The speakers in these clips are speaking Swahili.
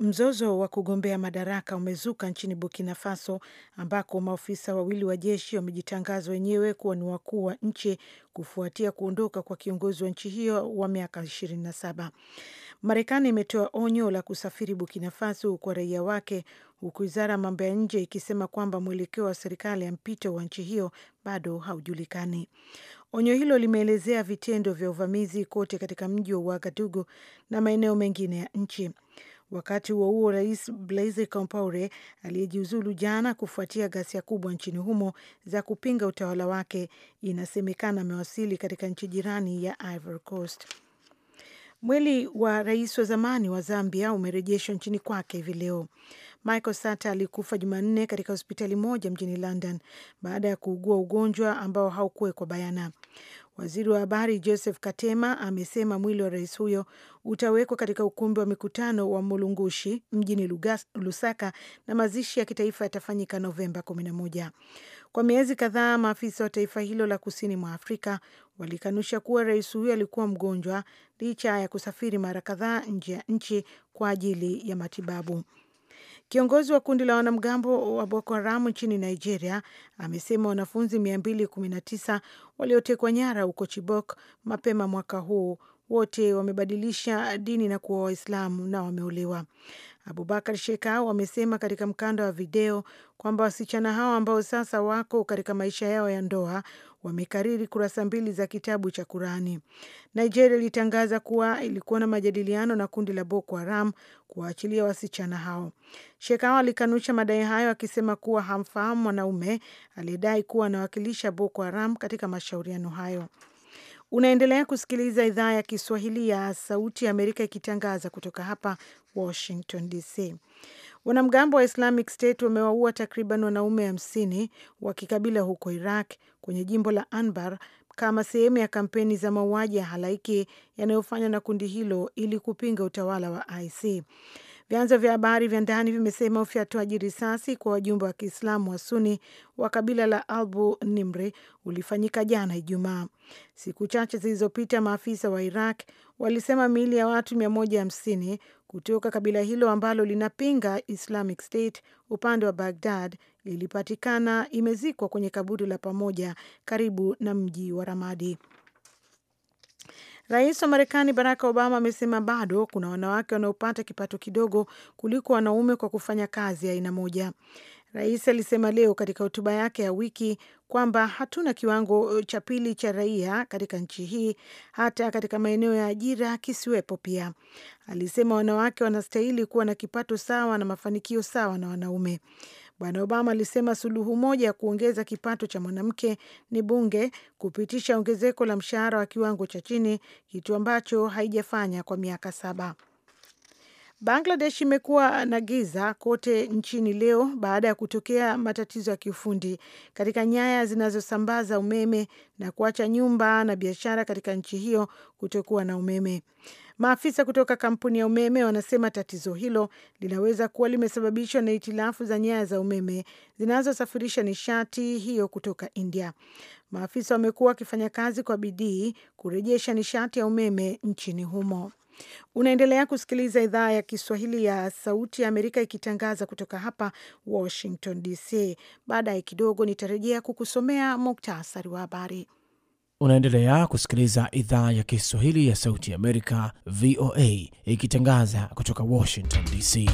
Mzozo wa kugombea madaraka umezuka nchini Burkina Faso ambako maofisa wawili wa jeshi wamejitangaza wenyewe kuwa ni wakuu wa nchi kufuatia kuondoka kwa kiongozi wa nchi hiyo wa miaka 27. Marekani imetoa onyo la kusafiri Burkina Faso kwa raia wake, huku wizara ya mambo ya nje ikisema kwamba mwelekeo wa serikali ya mpito wa nchi hiyo bado haujulikani. Onyo hilo limeelezea vitendo vya uvamizi kote katika mji wa Uagadugu na maeneo mengine ya nchi. Wakati huo huo, rais Blaise Compaore aliyejiuzulu jana kufuatia ghasia kubwa nchini humo za kupinga utawala wake, inasemekana amewasili katika nchi jirani ya Ivory Coast. Mwili wa rais wa zamani wa Zambia umerejeshwa nchini kwake hivi leo. Michael Sata alikufa Jumanne katika hospitali moja mjini London baada ya kuugua ugonjwa ambao haukuwekwa bayana. Waziri wa habari Joseph Katema amesema mwili wa rais huyo utawekwa katika ukumbi wa mikutano wa Mulungushi mjini Lugas, Lusaka na mazishi ya kitaifa yatafanyika Novemba 11. Kwa miezi kadhaa maafisa wa taifa hilo la kusini mwa Afrika walikanusha kuwa rais huyo alikuwa mgonjwa licha ya kusafiri mara kadhaa nje ya nchi kwa ajili ya matibabu. Kiongozi wa kundi la wanamgambo wa Boko haram nchini Nigeria amesema wanafunzi 219 waliotekwa nyara huko Chibok mapema mwaka huu wote wamebadilisha dini na kuwa Waislamu na wameolewa. Abubakar Shekau amesema katika mkanda wa video kwamba wasichana hao ambao sasa wako katika maisha yao ya ndoa wamekariri kurasa mbili za kitabu cha Kurani. Nigeria ilitangaza kuwa ilikuwa na majadiliano na kundi la Boko Haram kuwaachilia wasichana hao. Shekau alikanusha madai hayo akisema kuwa hamfahamu mwanaume aliyedai kuwa anawakilisha Boko Haram katika mashauriano hayo. Unaendelea kusikiliza idhaa ya Kiswahili ya Sauti ya Amerika ikitangaza kutoka hapa Washington DC. Wanamgambo wa Islamic State wamewaua takriban wanaume hamsini wa kikabila huko Iraq kwenye jimbo la Anbar kama sehemu ya kampeni za mauaji ya halaiki yanayofanywa na kundi hilo ili kupinga utawala wa IC. Vyanzo vya habari vya ndani vimesema ufyatuaji risasi kwa wajumbe wa Kiislamu wa Suni wa kabila la Albu Nimri ulifanyika jana Ijumaa. Siku chache zilizopita, maafisa wa Iraq walisema miili ya watu 150 kutoka kabila hilo ambalo linapinga Islamic State upande wa Baghdad ilipatikana imezikwa kwenye kaburi la pamoja karibu na mji wa Ramadi. Rais wa Marekani Barack Obama amesema bado kuna wanawake wanaopata kipato kidogo kuliko wanaume kwa kufanya kazi aina moja. Rais alisema leo katika hotuba yake ya wiki kwamba hatuna kiwango eh, cha pili cha raia katika nchi hii, hata katika maeneo ya ajira kisiwepo. Pia alisema wanawake wanastahili kuwa na kipato sawa na mafanikio sawa na wanaume. Bwana Obama alisema suluhu moja ya kuongeza kipato cha mwanamke ni bunge kupitisha ongezeko la mshahara wa kiwango cha chini, kitu ambacho haijafanya kwa miaka saba. Bangladesh imekuwa na giza kote nchini leo baada ya kutokea matatizo ya kiufundi katika nyaya zinazosambaza umeme na kuacha nyumba na biashara katika nchi hiyo kutokuwa na umeme. Maafisa kutoka kampuni ya umeme wanasema tatizo hilo linaweza kuwa limesababishwa na hitilafu za nyaya za umeme zinazosafirisha nishati hiyo kutoka India. Maafisa wamekuwa wakifanya kazi kwa bidii kurejesha nishati ya umeme nchini humo. Unaendelea kusikiliza idhaa ya Kiswahili ya Sauti ya Amerika ikitangaza kutoka hapa Washington DC. Baadaye kidogo nitarejea kukusomea muktasari wa habari. Unaendelea kusikiliza idhaa ya Kiswahili ya Sauti ya Amerika, VOA, ikitangaza kutoka Washington DC.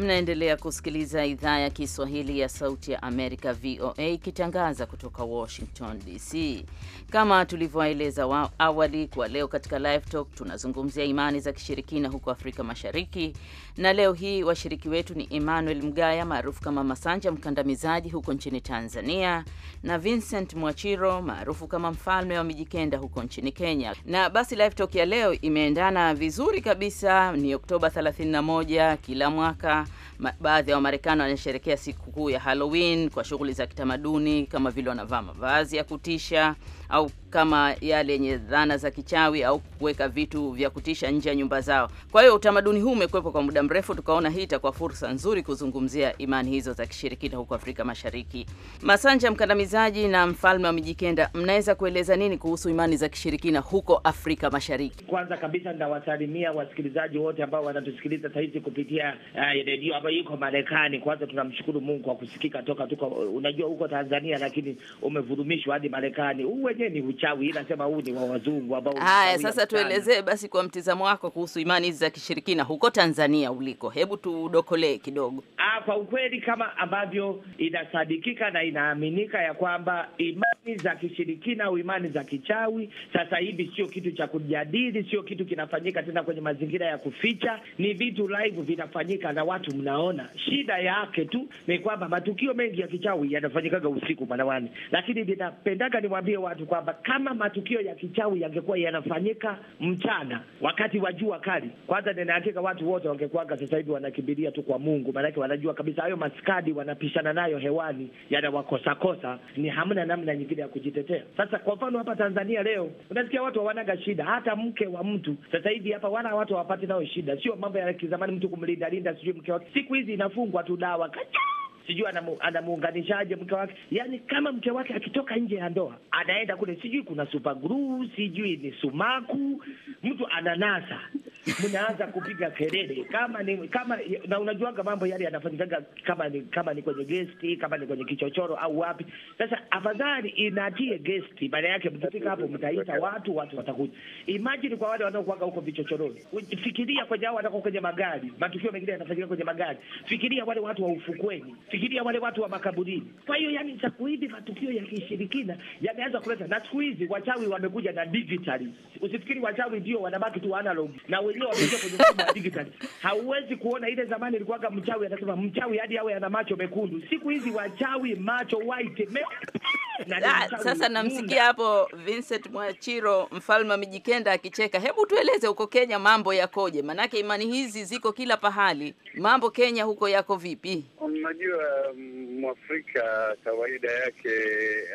Mnaendelea kusikiliza idhaa ya Kiswahili ya Sauti ya Amerika, VOA, ikitangaza kutoka Washington DC. Kama tulivyoeleza awali, kwa leo katika Live Talk tunazungumzia imani za kishirikina huko Afrika Mashariki, na leo hii washiriki wetu ni Emmanuel Mgaya maarufu kama Masanja Mkandamizaji huko nchini Tanzania, na Vincent Mwachiro maarufu kama Mfalme wa Mijikenda huko nchini Kenya. Na basi Live Talk ya leo imeendana vizuri kabisa, ni Oktoba 31 kila mwaka baadhi ya Wamarekani wanasherekea sikukuu ya Halloween kwa shughuli za kitamaduni kama vile wanavaa mavazi ya kutisha au kama yale yenye dhana za kichawi au kuweka vitu vya kutisha nje ya nyumba zao. Kwa hiyo utamaduni huu umekuwepo kwa muda mrefu, tukaona hii itakuwa fursa nzuri kuzungumzia imani hizo za kishirikina huko Afrika Mashariki. Masanja Mkandamizaji na mfalme wa Mijikenda, mnaweza kueleza nini kuhusu imani za kishirikina huko Afrika Mashariki? Kwanza kabisa ninawasalimia wasikilizaji wote ambao wanatusikiliza saa hizi kupitia uh, redio hapa iko Marekani. Kwanza tunamshukuru Mungu kwa kusikika toka tuko, unajua huko Tanzania, lakini umevurumishwa hadi Marekani. Huu wenyewe ni uchawi, ila sema huu ni wa wazungu ambao. Haya, sasa tuelezee basi kwa mtizamo wako kuhusu imani hizi za kishirikina huko Tanzania uliko, hebu tudokolee kidogo. Ah, kwa ukweli kama ambavyo inasadikika na inaaminika ya kwamba imani za kishirikina au imani za kichawi sasa hivi sio kitu cha kujadili, sio kitu kinafanyika tena kwenye mazingira ya kuficha, ni vitu live vinafanyika na watu watu mnaona, shida yake tu ni kwamba matukio mengi ya kichawi yanafanyikaga usiku manawani, lakini ninapendaga niwaambie watu kwamba kama matukio ya kichawi yangekuwa yanafanyika mchana wakati wa jua kali, kwanza ninahakika watu wote wangekuwaga sasa hivi wanakimbilia tu kwa Mungu, maanake wanajua kabisa hayo maskadi wanapishana nayo hewani yanawakosakosa, ni hamna namna nyingine ya kujitetea. Sasa kwa mfano hapa Tanzania leo unasikia watu hawanaga shida, hata mke wa mtu sasa hivi hapa wala watu hawapati nao shida, sio mambo ya kizamani mtu kumlindalinda sijui mke siku hizi inafungwa tu dawa kachaa sijui anamuunganishaje mke wake. Yani kama mke wake akitoka nje ya ndoa anaenda kule, sijui kuna super glue, sijui ni sumaku, mtu ananasa, mnaanza kupiga kelele kama ni kama na, unajuanga mambo yale yanafanyikaga kama ni kama ni kwenye gesti, kama ni kwenye kichochoro au wapi. Sasa afadhali inatie gesti, maana yake mtafika hapo, mtaita watu, watu watakuja. Imagine kwa wale wanaokuaga huko vichochoroni, fikiria kwenye hao wanako kwenye magari, matukio mengine yanafanyika kwenye magari, fikiria wale watu wa ufukweni Fikiria wale watu wa makaburini. Kwa hiyo, yani, siku hizi matukio ya kishirikina yameanza kuleta, na siku hizi wachawi wamekuja na digitali. Usifikiri wachawi ndio wanabaki tu analog, na wenyewe wamekuja kwenye mfumo wa digital. Hauwezi kuona ile zamani ilikuwaga mchawi anasema mchawi hadi awe ana macho mekundu, siku hizi wachawi macho white me... na da, ah, sasa namsikia hapo Vincent Mwachiro mfalme Mijikenda akicheka. Hebu tueleze huko Kenya mambo yakoje? Manake imani hizi ziko kila pahali, mambo Kenya huko yako vipi? Unajua Unajua, mm, mwafrika kawaida yake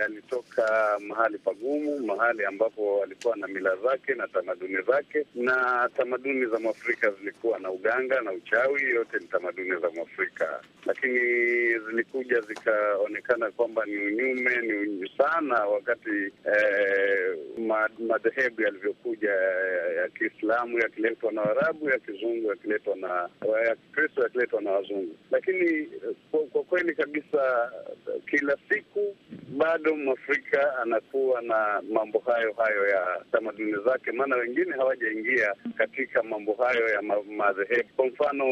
alitoka mahali pagumu, mahali ambapo alikuwa na mila zake na tamaduni zake, na tamaduni za mwafrika zilikuwa na uganga na uchawi, yote ni tamaduni za mwafrika, lakini zilikuja zikaonekana kwamba ni unyume, ni unyu sana wakati eh, madhehebu yalivyokuja ya Kiislamu yakiletwa na Waarabu, ya Kizungu yakiletwa na ya Kikristo yakiletwa na Wazungu, lakini eh, kwa kweli kabisa kila siku bado Mwafrika anakuwa na mambo hayo hayo ya tamaduni zake, maana wengine hawajaingia katika mambo hayo ya madhehebu. Kwa mfano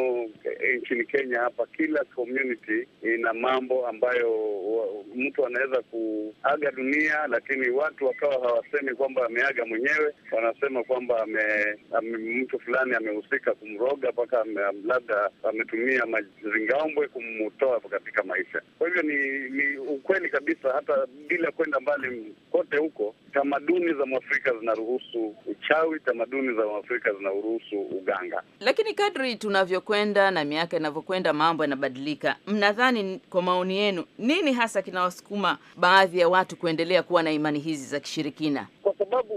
eh, nchini Kenya hapa, kila community ina mambo ambayo mtu anaweza kuaga dunia, lakini watu wakawa hawasemi kwamba ameaga mwenyewe, wanasema kwamba ame, ame, mtu fulani amehusika kumroga mpaka labda ametumia mazingaombwe kumtoa katika maisha. Kwa hivyo ni, ni ukweli kabisa hata sasa bila kwenda mbali kote huko, tamaduni za Mwafrika zinaruhusu uchawi, tamaduni za Mwafrika zinaruhusu uganga. Lakini kadri tunavyokwenda na miaka inavyokwenda, mambo yanabadilika. Mnadhani, kwa maoni yenu, nini hasa kinawasukuma baadhi ya watu kuendelea kuwa na imani hizi za kishirikina?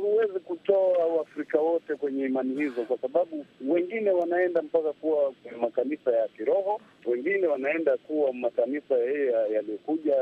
huwezi kutoa Waafrika wote kwenye imani hizo, kwa sababu wengine wanaenda mpaka kuwa makanisa ya kiroho, wengine wanaenda kuwa makanisa yaliyokuja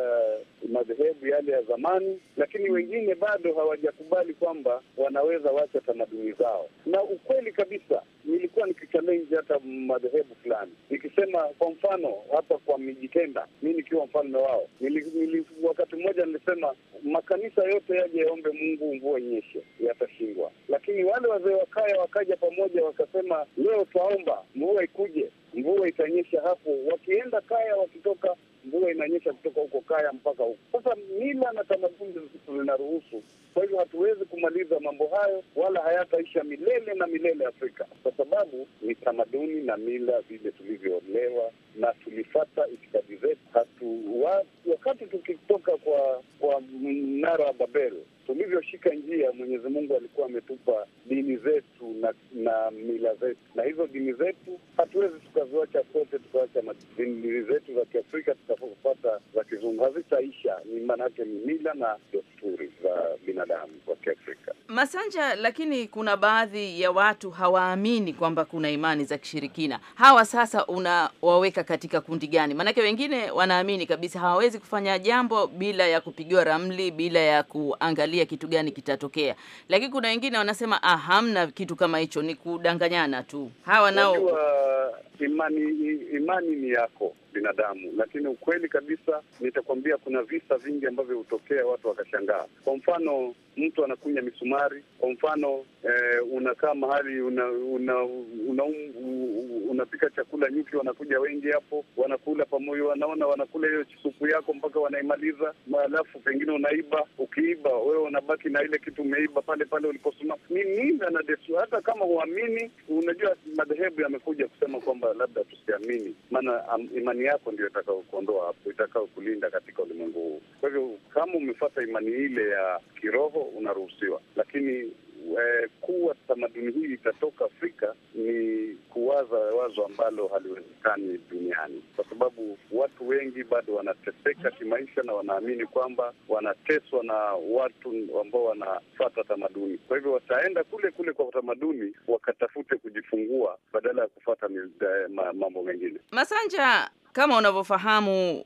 madhehebu yale ya zamani, lakini wengine bado hawajakubali kwamba wanaweza wacha tamaduni zao. Na ukweli kabisa, nilikuwa nikichallenge hata madhehebu fulani, nikisema kwa mfano hapa kwa Mijikenda, mi nikiwa mfalme wao nili, nili, wakati mmoja nilisema makanisa yote yaje yaombe Mungu mvua inyeshe yatashindwa. Lakini wale wazee wa kaya wakaja pamoja, wakasema leo twaomba mvua ikuje, mvua itanyesha hapo. Wakienda kaya, wakitoka mvua inanyesha kutoka huko kaya mpaka huko. Sasa mila na tamaduni zinaruhusu. Kwa hivyo hatuwezi kumaliza mambo hayo, wala hayataisha milele na milele Afrika, kwa sababu ni tamaduni na mila vile tulivyoolewa na tulifata itikadi zetu. Hatu wakati tukitoka kwa kwa mnara wa Babel tulivyoshika njia, Mwenyezi Mungu alikuwa ametupa dini zetu na, na mila zetu, na hizo dini zetu hatuwezi tukaziacha sote, tukaacha dini zetu za Kiafrika tukapata za Kizungu, hazitaisha. Ni maanake ni mila na desturi za binadamu wa Kiafrika. Masanja, lakini kuna baadhi ya watu hawaamini kwamba kuna imani za kishirikina. Hawa sasa unawaweka katika kundi gani? Maanake wengine wanaamini kabisa hawawezi kufanya jambo bila ya kupigiwa ramli, bila ya kuangalia kufuatilia kitu gani kitatokea, lakini kuna wengine wanasema ah, hamna kitu kama hicho, ni kudanganyana tu. Hawa nao imani, imani ni yako binadamu, lakini ukweli kabisa nitakwambia kuna visa vingi ambavyo hutokea watu wakashangaa. Kwa mfano, mtu anakunya misumari. Kwa mfano, eh, unakaa mahali una, una, una, unapika chakula, nyuki wanakuja wengi hapo, wanakula pamoja, wanaona wanakula hiyo supu yako mpaka wanaimaliza. Alafu pengine unaiba, ukiiba wewe unabaki na ile kitu umeiba pale pale uliposoma. Ni mila na desturi, hata kama huamini. Unajua, madhehebu yamekuja kusema kwamba labda tusiamini, maana um, imani imani yako ndio itakaokuondoa hapo, itakaokulinda katika ulimwengu huu. Kwa hivyo kama umefuata imani ile ya kiroho, unaruhusiwa, lakini eh, kuwa tamaduni hii itatoka Afrika ni kuwaza wazo ambalo haliwezekani duniani, kwa sababu watu wengi bado wanateseka kimaisha na wanaamini kwamba wanateswa na watu ambao wanafata tamaduni. Kwa hivyo wataenda kule kule kwa utamaduni wakatafute kujifungua badala ya kufata eh, mambo mengine. Masanja, kama unavyofahamu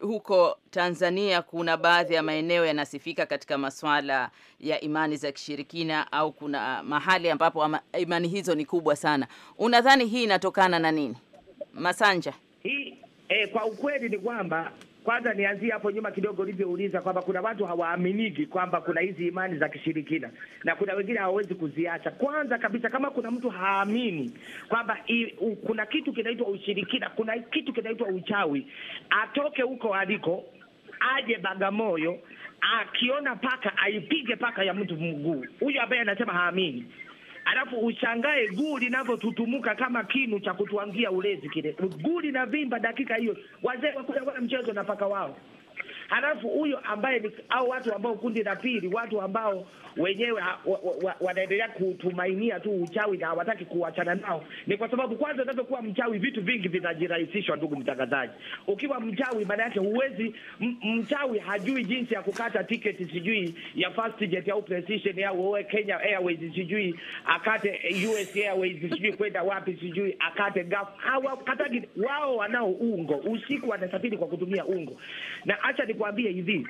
huko Tanzania kuna baadhi ya maeneo yanasifika katika masuala ya imani za kishirikina au kuna mahali ambapo ama imani hizo ni kubwa sana. Unadhani hii inatokana na nini, Masanja? Hii eh, kwa ukweli ni kwamba kwanza nianzie hapo nyuma kidogo, ulivyouliza kwamba kuna watu hawaaminiki kwamba kuna hizi imani za kishirikina na kuna wengine hawawezi kuziacha. Kwanza kabisa, kama kuna mtu haamini kwamba kuna kitu kinaitwa ushirikina, kuna kitu kinaitwa uchawi, atoke huko aliko, aje Bagamoyo, akiona paka aipige paka ya mtu mguu, huyo ambaye anasema haamini alafu ushangae guu linavyotutumuka kama kinu cha kutwangia ulezi kile, guu linavimba dakika hiyo. Wazee wakuja wana mchezo na paka wao halafu huyo ambaye ni au watu ambao kundi la pili, watu ambao wenyewe wanaendelea wa, wa, wa kutumainia tu uchawi na hawataki kuachana nao, ni kwa sababu kwanza, unapokuwa mchawi vitu vingi vinajirahisishwa. Ndugu mtangazaji, ukiwa mchawi maana yake huwezi, mchawi hajui jinsi ya kukata tiketi, sijui ya fast jet au precision au wewe Kenya Airways, sijui akate US Airways, sijui kwenda wapi, sijui akate gafu Hawakatagi wao, wanao ungo usiku, wanasafiri kwa kutumia ungo na acha ni nikwambie hivi,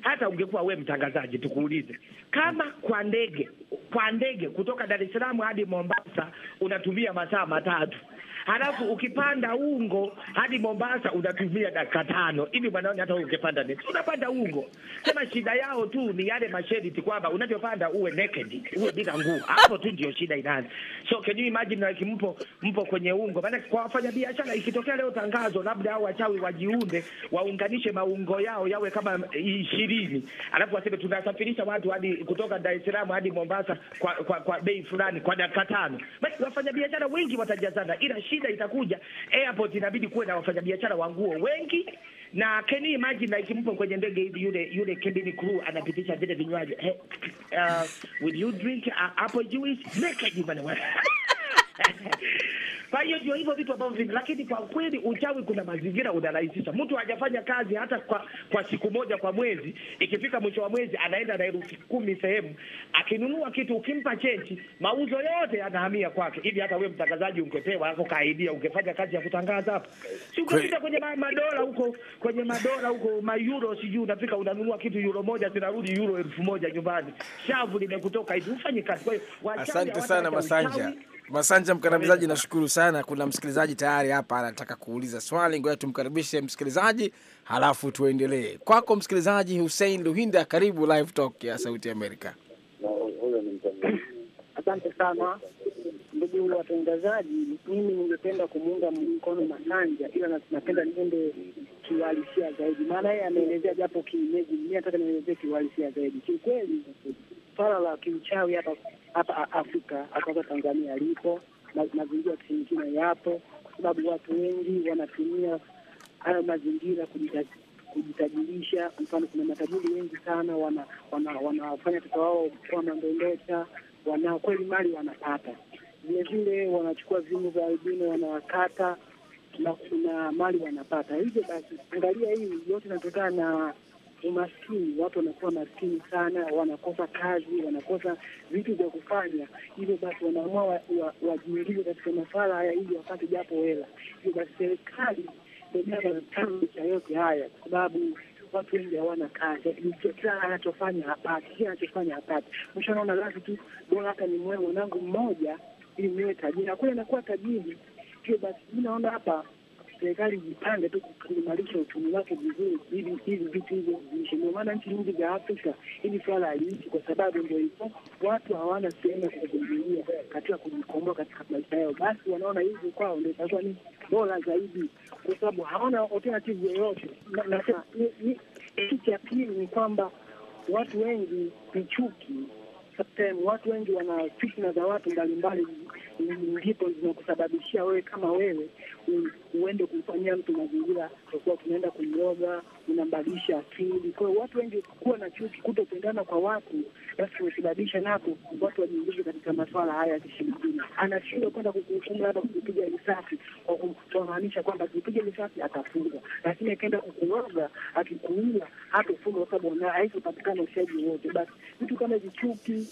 hata ungekuwa we mtangazaji, tukuulize kama kwa ndege kwa ndege kutoka Dar es Salaam hadi Mombasa unatumia masaa matatu halafu ukipanda ungo hadi Mombasa unatumia dakika tano hivi mwanaoni, hata ukipanda nesi unapanda ungo. Sema shida yao tu ni yale masharti kwamba unavyopanda uwe naked, uwe bila nguo, hapo tu ndio shida inaanza. So can you imagine like mpo mpo kwenye ungo, maana kwa wafanya biashara ikitokea leo tangazo labda hao wachawi wajiunde waunganishe maungo yao yawe kama ishirini, alafu waseme tunasafirisha watu hadi kutoka Dar es Salaam hadi Mombasa kwa, kwa, kwa bei fulani kwa dakika tano, wafanya biashara wengi watajazana ila shida itakuja, airport inabidi kuwe na wafanyabiashara wa nguo wengi na can you imagine like mpo kwenye ndege hivi, yule yule cabin crew anapitisha vile vinywaji hey, uh, will you drink uh, apple juice naked bana Kwa hiyo ndio hivyo vitu ambavyo vingi, lakini kwa kweli uchawi, kuna mazingira unarahisisha. Mtu hajafanya kazi hata kwa, kwa siku moja kwa mwezi, ikifika mwisho wa mwezi anaenda na elfu kumi sehemu akinunua kitu, ukimpa chenji, mauzo yote yanahamia kwake. Hivi hata wewe mtangazaji ungepewa hapo kaidia, ungefanya kazi ya kutangaza hapo, si ukipita kwenye madola huko, kwenye madola huko, mayuro sijui, unafika unanunua kitu euro moja zinarudi euro elfu moja nyumbani, shavu limekutoka hivi, ufanye kazi. Kwa hiyo asante sana Masanja uchawi, Masanja mkaribizaji nashukuru sana. Kuna msikilizaji tayari hapa anataka kuuliza swali, ngoja tumkaribishe msikilizaji halafu tuendelee. Kwako msikilizaji Hussein Luhinda, karibu Live Talk ya Sauti Amerika. Asante sana ndugu watangazaji, mimi ningependa kumuunga mkono Masanja, ila napenda niende kiwalisia zaidi, maana yeye ameelezea japo kimeji, mimi nataka nielezee kiwalisia zaidi. Kiukweli swala la kiuchawi hapa hapa Afrika hasa Tanzania alipo mazingira kingine yapo, kwa sababu watu wengi wanatumia hayo mazingira kujitajirisha. Mfano, kuna matajiri wengi sana wanafanya wana, watoto wao kuwa mandondota, wana kweli mali wanapata, vilevile wanachukua vimu vya albino wanawakata na kuna mali wanapata. Hivyo basi, angalia hii yote inatokana na umaskini. Watu wanakuwa maskini sana, wanakosa kazi, wanakosa vitu vya kufanya, hivyo basi wanaamua wajiingize katika masuala haya ili wapate japo hela. Hivyo basi serikali chanzo cha yote haya, kwa sababu watu wengi hawana kazi, kila anachofanya hapati, kila anachofanya hapati. Mwisho naona lazi tu bora hata ni mwee mwanangu mmoja ili niwe tajiri, hakuna anakuwa tajiri. Hivyo basi mi naona hapa serikali jipange tu kuimarisha uchumi wake vizuri, ili hivi vitu hivyo viishe. Ndio maana nchi nyingi za Afrika hili swala haliishi, kwa sababu ndio hivyo, watu hawana sehemu ya kukimbilia katika kujikomboa katika maisha yao, basi wanaona hivi kwao ndio itakuwa ni bora zaidi, kwa sababu hawana alternative yoyote. kitu cha pili ni kwamba watu wengi ni chuki, watu wengi wana fitna za watu mbalimbali ulipo zinakusababishia wewe kama wewe uende kumfanyia mtu mazingira akuwa tunaenda kumloga, unambadilisha akili. Kwa hiyo watu wengi kuwa na chuki, kutopendana kwa watu, basi umesababisha napo watu wajiingize katika maswala haya ya kishirikina. Anashindwa kwenda kukuhukumu labda kukupiga risasi kwa kumaanisha kwamba akipiga risasi atafungwa, lakini akienda kukuoga akikuua hatafungwa kwa sababu haizopatikana ushahidi wote. Basi vitu kama vichuki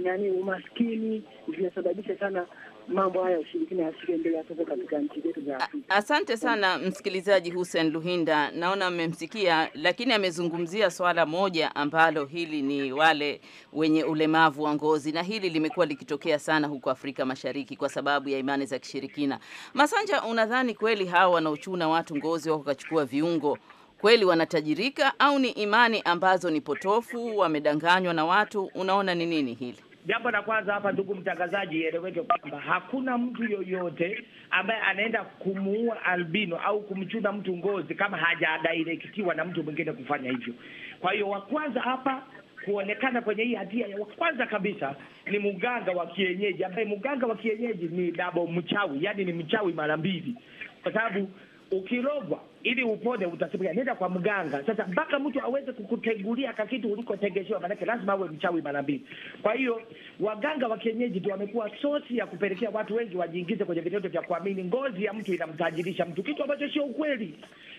nani umaskini vinasababisha sana mambo haya ushirikina asiendelea sasa katika nchi zetu za Afrika. Asante sana msikilizaji Hussein Luhinda, naona mmemsikia, lakini amezungumzia swala moja ambalo hili ni wale wenye ulemavu wa ngozi, na hili limekuwa likitokea sana huko Afrika Mashariki kwa sababu ya imani za kishirikina. Masanja, unadhani kweli hawa wanaochuna watu ngozi wako wakachukua viungo Kweli wanatajirika au ni imani ambazo ni potofu, wamedanganywa na watu? Unaona ni nini hili? Jambo la kwanza hapa, ndugu mtangazaji, ieleweke kwamba hakuna mtu yoyote ambaye anaenda kumuua albino au kumchuna mtu ngozi kama hajadairektiwa na mtu mwingine kufanya hivyo. Kwa hiyo wa kwanza hapa kuonekana kwenye hii hatia ya kwanza kabisa ni mganga wa kienyeji ambaye mganga wa kienyeji ni dabo mchawi, yani ni mchawi mara mbili, kwa sababu ukirogwa ili upone utasema nenda kwa mganga. Sasa mpaka mtu aweze kukutegulia kakitu ulikotegeshewa, maanake lazima awe mchawi mara mbili. Kwa hiyo waganga wa kienyeji ndio wamekuwa sosi ya kupelekea watu wengi wajiingize kwenye vitendo vya kuamini ngozi ya mtu inamtajirisha mtu, kitu ambacho sio ukweli.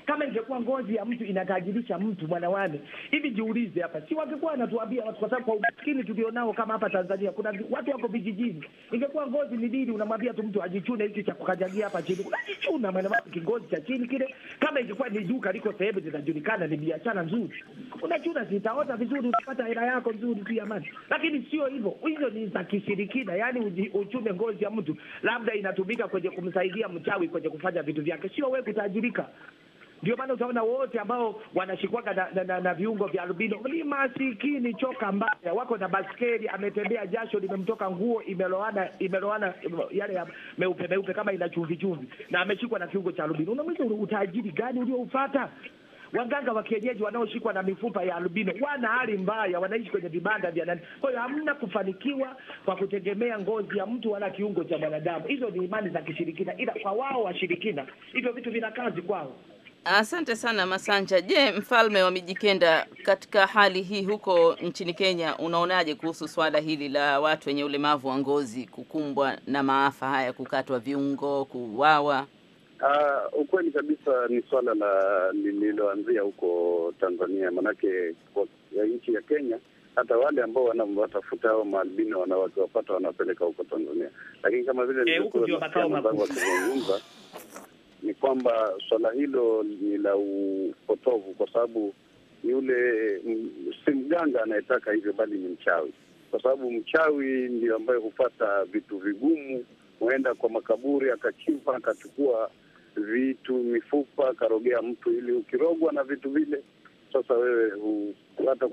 Kama ingekuwa ngozi ya mtu inatajirisha mtu mwanawane hivi, jiulize hapa, si wangekuwa wanatuambia watu, kwa sababu kwa umaskini tulionao kama hapa Tanzania kuna watu wako vijijini. Ingekuwa ngozi ni dini, unamwambia tu mtu ajichune hiki cha kukajagia hapa chini, unajichuna mwanawake kingozi cha chini kile. Kama ingekuwa ni duka liko sehemu zinajulikana, ni biashara nzuri, unachuna zitaota vizuri, utapata hela yako nzuri tu ya mani, lakini sio hivyo. Hizo ni za kishirikina, yani uchume ngozi ya mtu labda inatumika kwenye kumsaidia mchawi kwenye kufanya vitu vyake, sio wewe kutajirika. Ndio maana utaona wote ambao wanashikwaga na, na, na, na viungo vya albino ni masikini choka mbaya, wako na baskeli, ametembea jasho limemtoka, nguo imeloana imeloana, yale ya meupe meupe kama ina chumvi chumvi, na ameshikwa na kiungo cha albino. Unamweza utajiri gani ulioufata? Waganga wa kienyeji wanaoshikwa na mifupa ya albino wana hali mbaya, wanaishi kwenye vibanda vya nani. Kwa hiyo hamna kufanikiwa kwa kutegemea ngozi ya mtu wala kiungo cha mwanadamu. Hizo ni imani za kishirikina, ila kwa wao washirikina hivyo vitu vina kazi kwao. Asante sana Masanja. Je, mfalme wa Mijikenda, katika hali hii huko nchini Kenya, unaonaje kuhusu swala hili la watu wenye ulemavu wa ngozi kukumbwa na maafa haya, kukatwa viungo, kuwawa Uh, ah, ukweli kabisa ni swala la lililoanzia huko Tanzania, manake kwa nchi ya Kenya hata wale ambao wanawatafutao maalbino wapata wanapeleka huko Tanzania, lakini kama vile eh, nilikuwa akizungumza ni kwamba swala hilo ni la upotovu, kwa sababu yule si mganga anayetaka hivyo, bali ni mchawi, kwa sababu mchawi ndio ambaye hupata vitu vigumu, huenda kwa makaburi akachimba, akachukua vitu, mifupa, akarogea mtu, ili ukirogwa na vitu vile, sasa wewe hata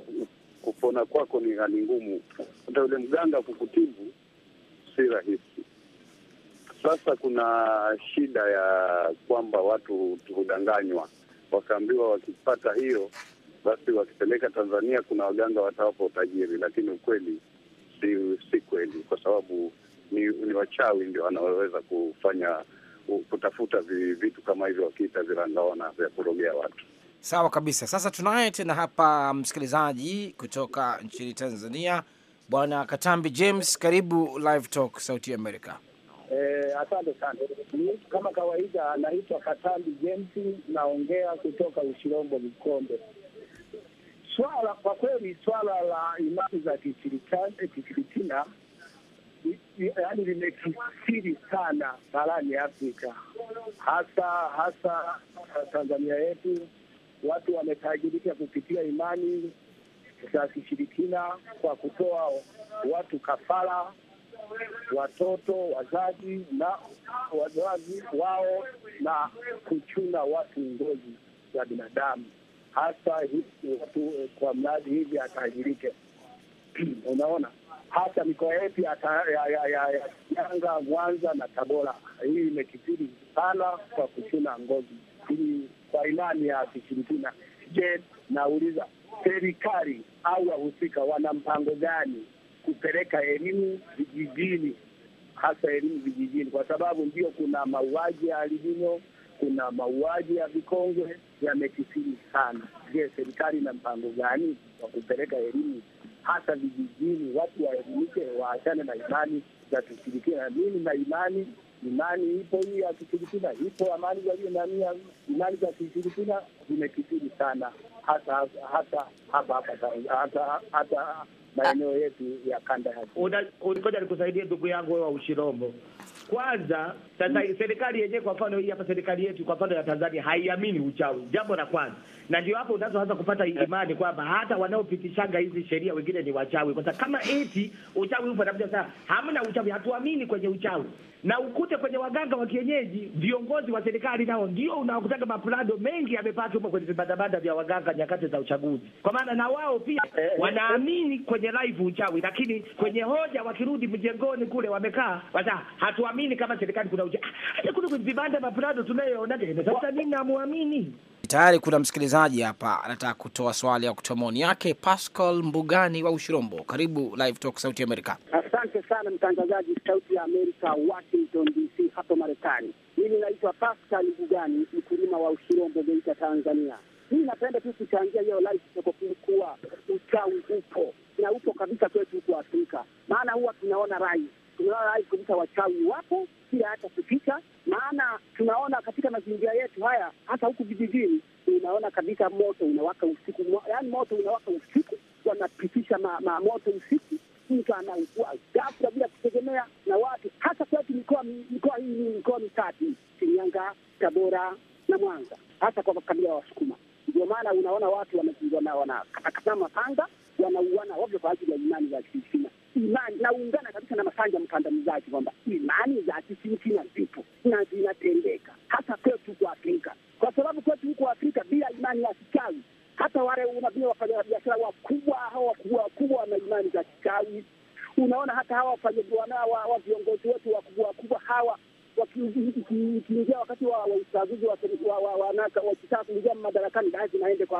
kupona kwako ni hali ngumu, hata yule mganga kukutibu si rahisi. Sasa kuna shida ya kwamba watu hudanganywa, wakaambiwa wakipata hiyo basi wakipeleka Tanzania kuna waganga watawapa utajiri, lakini ukweli si, si kweli, kwa sababu ni, ni wachawi ndio wanaweza kufanya kutafuta vitu kama hivyo, wakiita virangaona vya kurogea watu. Sawa kabisa. Sasa tunaye tena hapa msikilizaji kutoka nchini Tanzania, Bwana Katambi James, karibu Live Talk Sauti Amerika. Eh, asante sana. Kama kawaida, anaitwa Katambi James, naongea kutoka Ushirombo Mkonde. Swala kwa kweli, swala la imani za kishirikina eh, yaani limekisiri sana barani Afrika, hasa hasa Tanzania yetu. Watu wametajirika kupitia imani za kishirikina kwa kutoa watu kafara watoto, wazazi na wazazi wao na kuchuna watu ngozi za binadamu, hasa watu eh, kwa mradi hivi atajirike Unaona, hasa mikoa yetu ya Shinyanga, Mwanza na Tabora hii imekithiri sana kwa kuchuna ngozi hii kwa imani ya Kishirikina. Je, nauliza serikali au wahusika wana mpango gani? kupeleka elimu vijijini, hasa elimu vijijini, kwa sababu ndio kuna mauaji ya albino, kuna mauaji ya vikongwe yamekisiri sana. Je, serikali ina mpango gani wa kupeleka elimu hasa vijijini, watu waelimike, waachane na imani za kishirikina? Mimi na imani imani ipo hii ya kishirikina ipo, amani walionamia imani za kishirikina zimekisiri sana, hasa hasa hapa hapa hata maeneo yetu ya kanda ya nikusaidie ndugu yangu wa Ushirombo. Kwanza sasa, mm. serikali yenyewe, kwa mfano hii hapa, serikali yetu kwa mfano ya Tanzania haiamini uchawi, jambo la kwanza na ndio hapo unazoanza kupata imani kwamba hata wanaopitishaga hizi sheria wengine ni wachawi, kwa sababu kama eti uchawi upo, na sasa hamna uchawi, hatuamini kwenye uchawi. Na ukute kwenye waganga wa kienyeji, viongozi wa serikali nao ndio unawakutaga mapulado mengi yamepata huko kwenye vibandabanda vya waganga nyakati za uchaguzi, kwa maana na wao pia eh, eh. wanaamini kwenye live uchawi, lakini kwenye hoja wakirudi mjengoni kule wamekaa wasa, hatuamini kama serikali kuna uchawi. Ah, hata kule kwenye vibanda mapulado tunayoona, sasa mimi namwamini tayari kuna msikilizaji hapa anataka kutoa swali au kutoa maoni yake. Pascal Mbugani wa Ushirombo, karibu Live Talk Sauti Amerika. Asante sana mtangazaji Sauti ya Amerika, Washington DC, hapo Marekani. Mimi naitwa Pascal Mbugani, mkulima wa Ushirombo, Geita, Tanzania. hii napenda tu kuchangia hiyo live kuwa uchawi upo na upo kabisa kwetu huko Afrika, maana huwa tunaona rais tunaona rais kabisa, wachawi wapo pia hata kupita, maana tunaona katika mazingira yetu haya, hata huku vijijini unaona kabisa moto unawaka usiku, yaani moto unawaka usiku, wanapitisha ma, ma moto usiku, mtu anaugua ghafla bila kutegemea na watu, hasa kwetu mikoa mikoa hii mikoa mitatu, Shinyanga, Tabora na Mwanza, hasa kwa kabila Wasukuma. Ndio maana unaona watu wanakatakata mapanga, wanauana ovyo kwa ajili ya imani za Kishina imani naungana kabisa na Masanja mkandamizaji kwamba imani za kisintina zipo na zinatendeka hata kwetu huko Afrika, kwa sababu kwetu huko Afrika bila imani ya kikawi hata wale unaambia wafanyabiashara wakubwa hao wakubwa wakubwa wana imani za kichawi. Unaona hata hawa wa viongozi wetu wakubwa wakubwa hawa wakiingia wakati wa uchaguzi wakitaka kuingia madarakani, basi naende kwa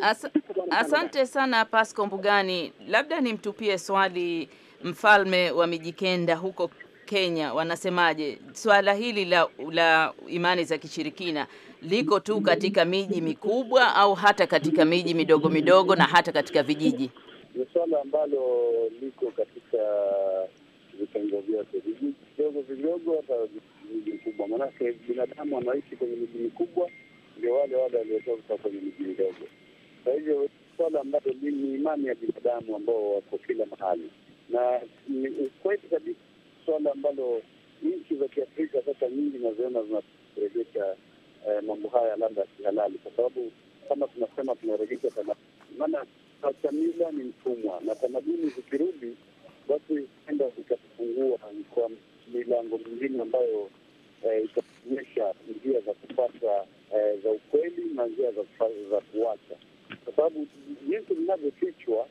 Asa, asante sana Pasco Mbugani, labda nimtupie swali mfalme wa Mijikenda huko Kenya, wanasemaje swala hili la, la imani za kishirikina liko tu katika miji mikubwa au hata katika miji midogo midogo na hata katika vijiji? Ni swala ambalo liko katika vitengo vyote, vijiji vidogo vidogo, hata miji mikubwa, maanake binadamu anaishi kwenye miji mikubwa, ndio wale wale waliotoka kwenye miji midogo kwa hivyo swala ambalo ni imani ya binadamu ambao wako kila mahali, na ni ukweli kabisa swala ambalo nchi za Kiafrika sasa nyingi naziona zinarejesha eh, mambo haya labda kihalali, kwa sababu kama tunasema tunarejesha tamaduni, maana asamila ni mtumwa, na tamaduni zikirudi, basi enda zikafungua kwa milango mingine ambayo eh, itaonyesha njia za kupata eh, za ukweli na njia za kuwacha kwa sababu jinsi vinavyofichwa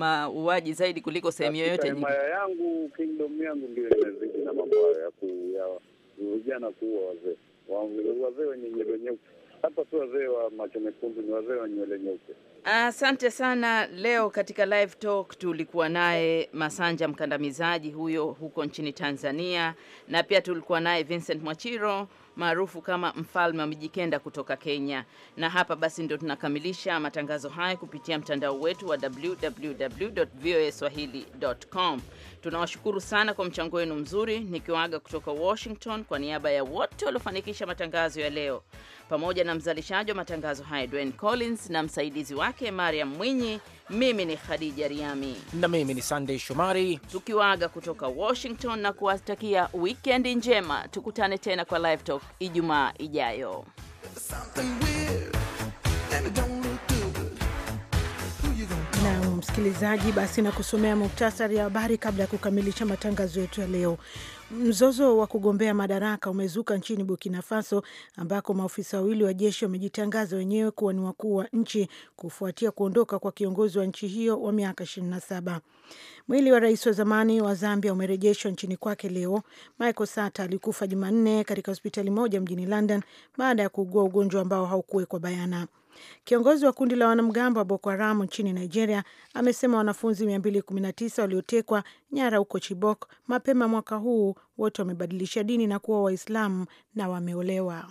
mauaji zaidi kuliko sehemu yoyote himaya yangu kingdom yangu ndio imezidi na mambo hayo ya vijana kuua wazee wazee wenye nywele nyeupe hapa si wazee wa macho mekundu, ni wazee wa nywele nyeupe. Asante sana. Leo katika live talk tulikuwa naye Masanja Mkandamizaji, huyo huko nchini Tanzania, na pia tulikuwa naye Vincent Mwachiro maarufu kama mfalme wa Mijikenda kutoka Kenya. Na hapa basi ndio tunakamilisha matangazo haya kupitia mtandao wetu wa www.voaswahili.com. Tunawashukuru sana kwa mchango wenu mzuri, nikiwaaga kutoka Washington kwa niaba ya wote waliofanikisha matangazo ya leo, pamoja na mzalishaji wa matangazo haya Dwayne Collins na msaidizi wake Mariam Mwinyi. Mimi ni Khadija Riami na mimi ni Sunday Shomari, tukiwaaga kutoka Washington na kuwatakia wikendi njema. Tukutane tena kwa Live Talk Ijumaa ijayo. Msikilizaji, basi na kusomea muktasari ya habari kabla ya kukamilisha matangazo yetu ya leo. Mzozo wa kugombea madaraka umezuka nchini Burkina Faso ambako maofisa wawili wa jeshi wamejitangaza wenyewe kuwa ni wakuu wa nchi kufuatia kuondoka kwa kiongozi wa nchi hiyo wa miaka saba Mwili wa rais wa zamani wa Zambia umerejeshwa nchini kwake leo. Michael Sata alikufa Jumanne katika hospitali moja mjini London baada ya kuugua ugonjwa ambao haukuwekwa bayana. Kiongozi wa kundi la wanamgambo wa Boko Haram nchini Nigeria amesema wanafunzi 219 waliotekwa nyara huko Chibok mapema mwaka huu wote wamebadilisha dini na kuwa Waislamu na wameolewa.